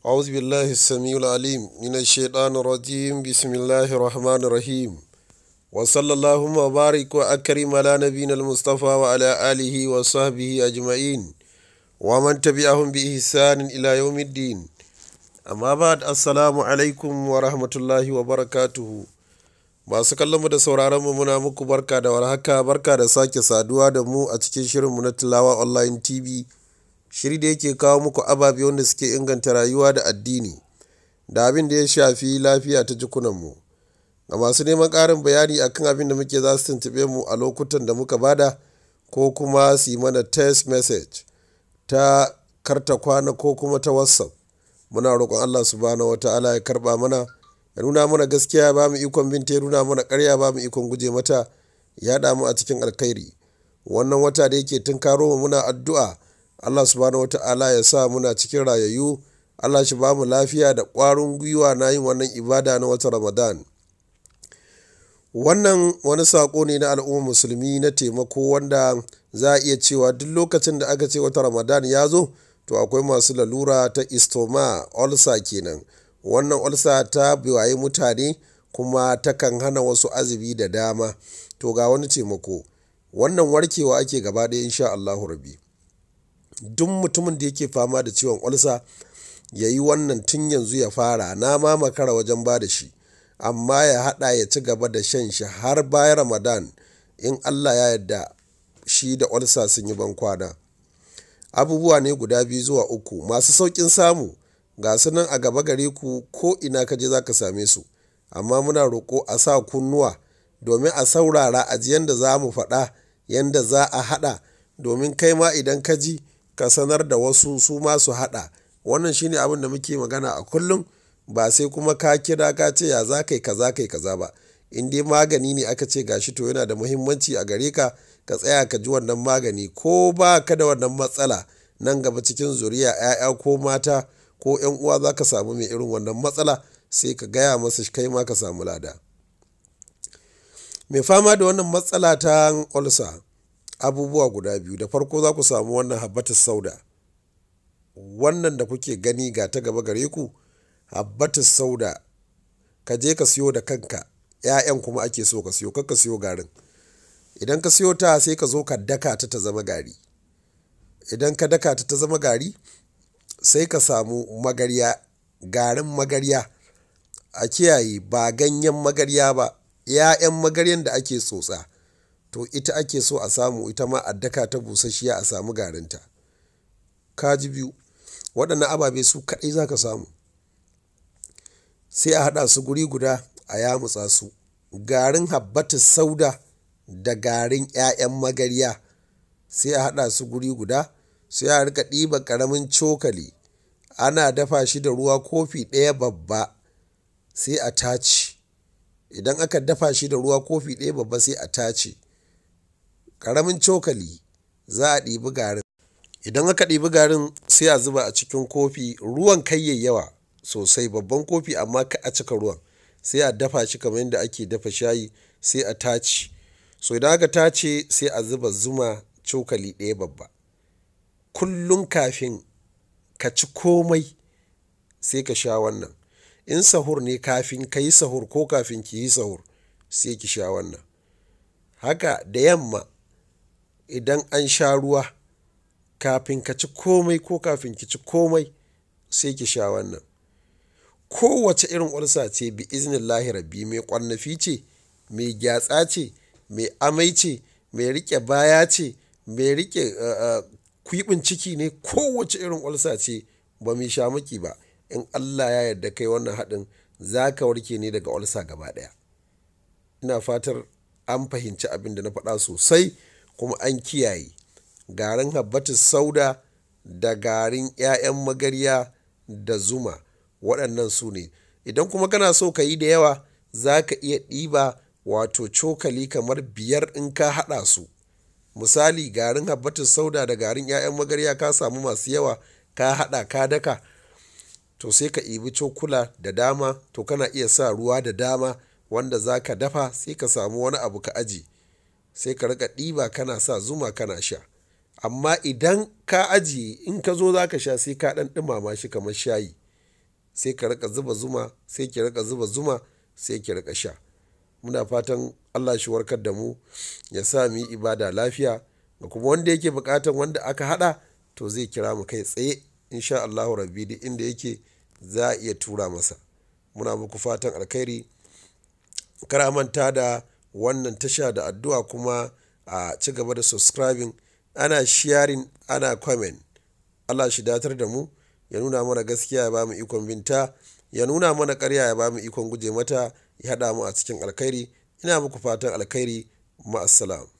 أعوذ بالله السميع العليم من الشيطان الرجيم بسم الله الرحمن الرحيم وصلى اللهم وبارك وأكرم على نبينا المصطفى وعلى آله وصحبه أجمعين ومن تبعهم بإحسان إلى يوم الدين أما بعد السلام عليكم ورحمة الله وبركاته masu kallonmu da sauraronmu muna muku barka da warhaka barka da sake saduwa da mu a cikin shirinmu na tilawa online tv shiri da yake kawo muku ababe wanda suke inganta rayuwa da addini da abin da ya shafi lafiya ta jikunanmu ga masu neman karin bayani akan abin da muke za su tuntube mu a lokutan da muka bada ko kuma su yi mana text message ta karta kwana ko kuma ta whatsapp muna roƙon allah subhanahu ala ya karɓa mana ya nuna mana gaskiya ba mu ikon binta ya nuna mana karya ba mu ikon guje mata ya damu a cikin alkhairi wannan wata da yake tun karo mu muna addu'a Allah subhanahu wata'ala ya sa muna cikin rayayyu Allah shi mu lafiya da ƙwarin gwiwa na yin wannan ibada na wata Ramadan wannan wani saƙo ne na al'ummar musulmi na taimako wanda za a iya cewa duk lokacin da aka ce wata Ramadan ya zo to akwai masu lalura ta istoma olsa kenan wannan olsa ta biwaye mutane kuma takan hana wasu azumi da dama to ga wani taimako wannan warkewa ake gaba ɗaya insha Allahu rabbi duk mutumin da yake fama da ciwon ulsa ya yi wannan tun yanzu ya fara na ma makara wajen ba da shi amma ya hada ya ci gaba da shan shi har bayan ramadan in allah ya yadda shi da ulsa sun yi ban kwana abubuwa ne guda biyu zuwa uku masu saukin samu ga su nan a gaba gare ku ko ina kaje za ka same su amma muna roƙo a sa kunnuwa domin a saurara aji da za mu faɗa yadda za a haɗa domin kai ma idan ka ji ka sanar da wasu su ma su haɗa wannan shine abin da muke magana a kullum ba sai kuma ka kira ka ce ya za kai kaza kai kaza ba in dai magani ne aka ce gashi to yana da muhimmanci a gare ka ka tsaya ka ji wannan magani ko ba ka da wannan matsala nan gaba cikin zuriya 'ya'ya ko mata ko 'yan uwa za ka samu mai irin wannan matsala sai ka gaya masa kai ma ka samu lada mai fama da wannan matsala ta olsa abubuwa guda biyu da farko za ku samu wannan habbatus sauda wannan da kuke gani ga ta gaba gare ku habbatus sauda ka je ka siyo da kanka 'ya'yan kuma ake so ka siyo ka siyo garin idan ka siyo ta sai ka zo ka daka ta ta zama gari idan ka daka ta ta zama gari sai ka samu magarya garin magarya a kiyaye ba ganyen magarya ba 'ya'yan magaryan da ake tsotsa to ita ake so a samu ita ma a daka ta busasshiya a samu garinta kaji biyu waɗannan ababe su kaɗai za ka samu sai a haɗa su guri guda a yamutsa su garin habbata sauda da garin 'ya'yan magarya sai a haɗa su guri guda sai a rika ɗiba ƙaramin cokali ana dafa shi da ruwa kofi ɗaya babba sai a tace idan aka dafa shi da ruwa kofi ɗaya babba sai a tace karamin cokali za a ɗibi garin idan aka ɗibi garin sai a zuba a cikin kofi ruwan kai yayi yawa sosai babban kofi amma ka a cika ruwan sai a dafa shi kamar yadda ake dafa shayi sai a tace so idan aka tace sai a zuba zuma cokali ɗaya babba kullum kafin ka ci komai sai ka sha wannan in sahur ne kafin ka yi sahur ko kafin ki yi sahur sai ki sha wannan haka da yamma idan an sha ruwa kafin ka ci komai ko kafin ki ci komai sai ki sha wannan kowace irin ulsa ce bi lahi rabbi mai kwannafi ce mai gyatsa ce mai amai ce mai rike baya ce mai rike eh, eh, kwibin ciki ne kowace irin ulsa ce ba mu sha maki ba in allah ya yarda kai wannan haɗin za ka warke ne daga ulsa gaba ɗaya ina fatar an fahimci abin da na faɗa sosai kuma an kiyaye garin habbatu sauda da garin 'ya'yan magarya da zuma waɗannan su ne idan kuma kana so ka yi da yawa za ka iya ɗiba wato cokali kamar biyar in ka haɗa su misali garin habbatu sauda da garin 'ya'yan magarya ka samu masu yawa ka haɗa ka daka to sai ka ibi cokula da dama to kana iya sa ruwa da dama wanda za ka dafa sai ka samu wani abu ka aji sai ka rika ɗiba kana sa zuma kana sha amma idan ka ajiye in ka zo za ka sha sai ka ɗan ɗumama shi kamar shayi sai ka rika zuba zuma sai ki rika zuba zuma sai ki rika sha muna fatan allah shi warkar da mu ya sa mu ibada lafiya da kuma wanda yake bukatan wanda aka hada to zai kira mu kai tsaye insha allahu rabbi duk inda yake za a iya tura masa muna muku fatan alkhairi karamanta manta da wannan tasha da addu'a kuma a ci gaba da subscribing ana sharing ana comment Allah shi datar da mu ya nuna mana gaskiya ya ba mu ikon binta ya nuna mana karya ya ba mu ikon guje mata ya haɗa mu a cikin alkhairi ina muku fatan alkhairi ma'assalam